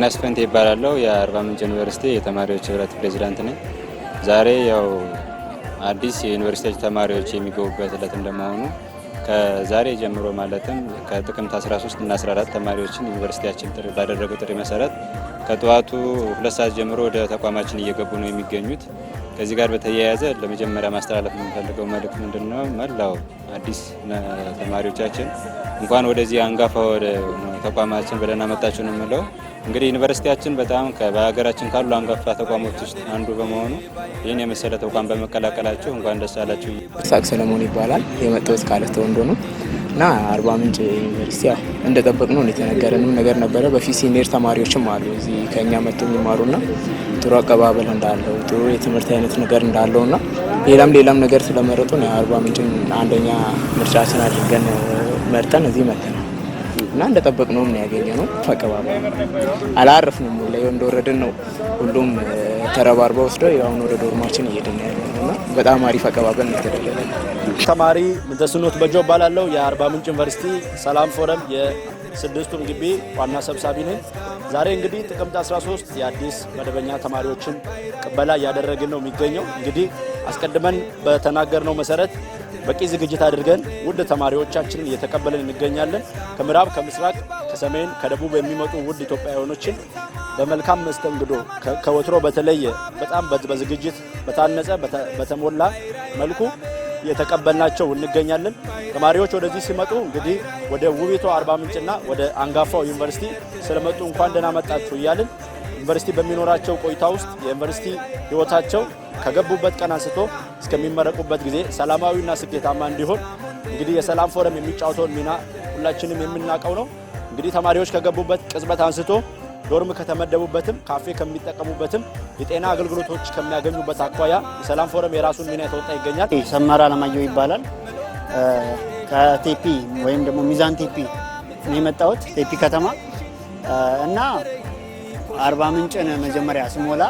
ዮናስ ፈንቴ ይባላለሁ። የአርባ ምንጭ ዩኒቨርሲቲ የተማሪዎች ህብረት ፕሬዚዳንት ነኝ። ዛሬ ያው አዲስ የዩኒቨርሲቲዎች ተማሪዎች የሚገቡበት እለት እንደመሆኑ ከዛሬ ጀምሮ ማለትም ከጥቅምት 13 እና 14 ተማሪዎችን ዩኒቨርሲቲያችን ባደረገው ጥሪ መሰረት ከጠዋቱ ሁለት ሰዓት ጀምሮ ወደ ተቋማችን እየገቡ ነው የሚገኙት። ከዚህ ጋር በተያያዘ ለመጀመሪያ ማስተላለፍ የምንፈልገው መልእክት ምንድን ነው? መላው አዲስ ተማሪዎቻችን እንኳን ወደዚህ አንጋፋ ወደ ተቋማችን በደህና መጣችሁ ነው የምለው። እንግዲህ ዩኒቨርሲቲያችን በጣም በሀገራችን ካሉ አንጋፋ ተቋሞች ውስጥ አንዱ በመሆኑ ይህን የመሰለ ተቋም በመቀላቀላችሁ እንኳን ደስ አላችሁ። ሳቅ ሰለሞን ይባላል። የመጣሁት ከአለት ተወንዶ ነው። እና አርባ ምንጭ ዩኒቨርሲቲ ያው እንደጠበቅነው የተነገረንም ነገር ነበረ። በፊት ሲኒየር ተማሪዎችም አሉ እዚህ ከእኛ ከኛ የሚማሩ ና ጥሩ አቀባበል እንዳለው ጥሩ የትምህርት አይነት ነገር እንዳለው ና ሌላም ሌላም ነገር ስለመረጡ አርባ ምንጭን አንደኛ ምርጫችን አድርገን መርጠን እዚህ መተናል። እና እንደጠበቅነው ነው ነው። ፈቀባባ አላረፍንም ነው ላይ እንደወረድን ነው ሁሉም ተረባርባ ወስደው ያሁን ወደ ዶርማችን እየሄድን ያለነውና በጣም አሪፍ አቀባበል ነው የተደረገልን። ተማሪ ምንተስኖት በጆ እባላለሁ የአርባ ምንጭ ዩኒቨርሲቲ ሰላም ፎረም የስድስቱም ግቢ ዋና ሰብሳቢ ነኝ። ዛሬ እንግዲህ ጥቅምት 13 የአዲስ መደበኛ ተማሪዎችን ቅበላ እያደረግን ነው የሚገኘው እንግዲህ አስቀድመን በተናገርነው መሰረት በቂ ዝግጅት አድርገን ውድ ተማሪዎቻችንን እየተቀበልን እንገኛለን። ከምዕራብ፣ ከምስራቅ፣ ከሰሜን፣ ከደቡብ የሚመጡ ውድ ኢትዮጵያውያኖችን በመልካም መስተንግዶ ከወትሮ በተለየ በጣም በዝግጅት በታነጸ በተሞላ መልኩ እየተቀበልናቸው እንገኛለን። ተማሪዎች ወደዚህ ሲመጡ እንግዲህ ወደ ውቢቷ አርባ ምንጭና ወደ አንጋፋው ዩኒቨርሲቲ ስለመጡ እንኳን ደህና መጣችሁ እያልን ዩኒቨርሲቲ በሚኖራቸው ቆይታ ውስጥ የዩኒቨርሲቲ ሕይወታቸው ከገቡበት ቀን አንስቶ እስከሚመረቁበት ጊዜ ሰላማዊና ስኬታማ እንዲሆን እንግዲህ የሰላም ፎረም የሚጫወተውን ሚና ሁላችንም የምናውቀው ነው። እንግዲህ ተማሪዎች ከገቡበት ቅጽበት አንስቶ ዶርም ከተመደቡበትም ካፌ ከሚጠቀሙበትም የጤና አገልግሎቶች ከሚያገኙበት አኳያ የሰላም ፎረም የራሱን ሚና የተወጣ ይገኛል። ሰመራ አለማየሁ ይባላል። ከቴፒ ወይም ደግሞ ሚዛን ቴፒ የመጣሁት፣ ቴፒ ከተማ እና አርባ ምንጭን መጀመሪያ ስሞላ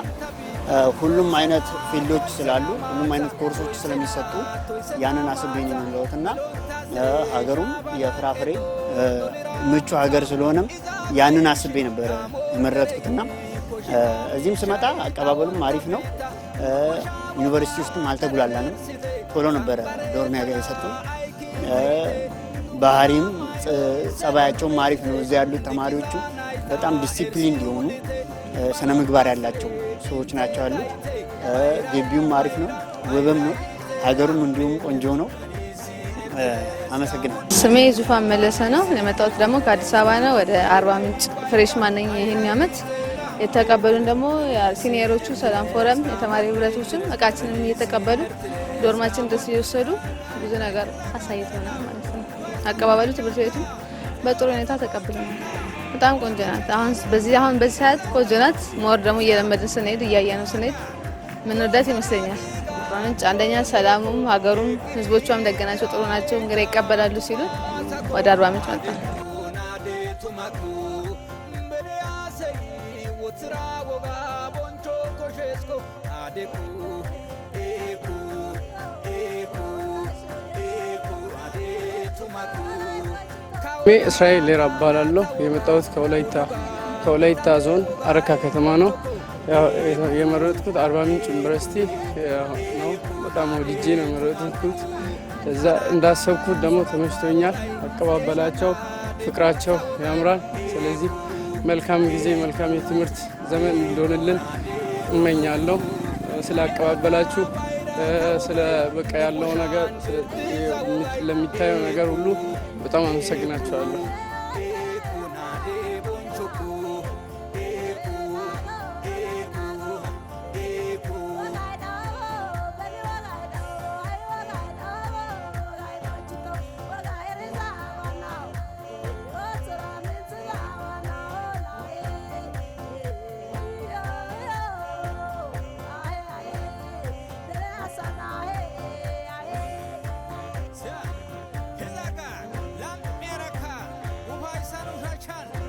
ሁሉም አይነት ፊልዶች ስላሉ ሁሉም አይነት ኮርሶች ስለሚሰጡ ያንን አስቤኝ ነው እና ሀገሩም የፍራፍሬ ምቹ ሀገር ስለሆነም ያንን አስቤ ነበረ የመረጥኩትና እዚህም ስመጣ አቀባበሉም አሪፍ ነው። ዩኒቨርሲቲ ውስጥም አልተጉላላንም። ቶሎ ነበረ ዶርም የሰጡ ባህሪም ጸባያቸውም አሪፍ ነው። እዚያ ያሉት ተማሪዎቹ በጣም ዲሲፕሊን የሆኑ ስነ ምግባር ያላቸው ሰዎች ናቸው አሉ። ግቢውም አሪፍ ነው፣ ውብም ነው፣ ሀገሩም እንዲሁም ቆንጆ ነው። አመሰግናለሁ። ስሜ ዙፋን መለሰ ነው። የመጣሁት ደግሞ ከአዲስ አበባ ነው። ወደ አርባ ምንጭ ፍሬሽ ማነኝ። ይህን ዓመት። የተቀበሉን ደግሞ ሲኒየሮቹ ሰላም ፎረም፣ የተማሪ ህብረቶችም እቃችንን እየተቀበሉ ዶርማችን ድረስ እየወሰዱ ብዙ ነገር አሳይተናል ማለት ነው። አቀባበሉ ትምህርት ቤቱም በጥሩ ሁኔታ ተቀብለናል። በጣም ቆንጆ ናት። አሁን በዚህ አሁን በዚህ ሰዓት ቆንጆ ናት። ሞር ደግሞ እየለመድን ስንሄድ እያየነው ስንሄድ ምንወዳት ይመስለኛል። ምንጭ አንደኛ ሰላሙም ሀገሩም ህዝቦቿም ደግ ናቸው፣ ጥሩ ናቸው። እንግዳ ይቀበላሉ ሲሉ ወደ አርባ ምንጭ መጣ። ሜ እስራኤል ሌራ እባላለሁ። የመጣሁት ከወላይታ ዞን አረካ ከተማ ነው። የመረጥኩት አርባ ምንጭ ዩኒቨርሲቲ ነው። በጣም ወድጄ ነው የመረጥኩት። ከዛ እንዳሰብኩት ደግሞ ተመችቶኛል። አቀባበላቸው፣ ፍቅራቸው ያምራል። ስለዚህ መልካም ጊዜ መልካም የትምህርት ዘመን እንደሆንልን እመኛለሁ። ስለ አቀባበላችሁ ስለ በቃ ያለው ነገር ለሚታየው ነገር ሁሉ በጣም አመሰግናቸዋለሁ።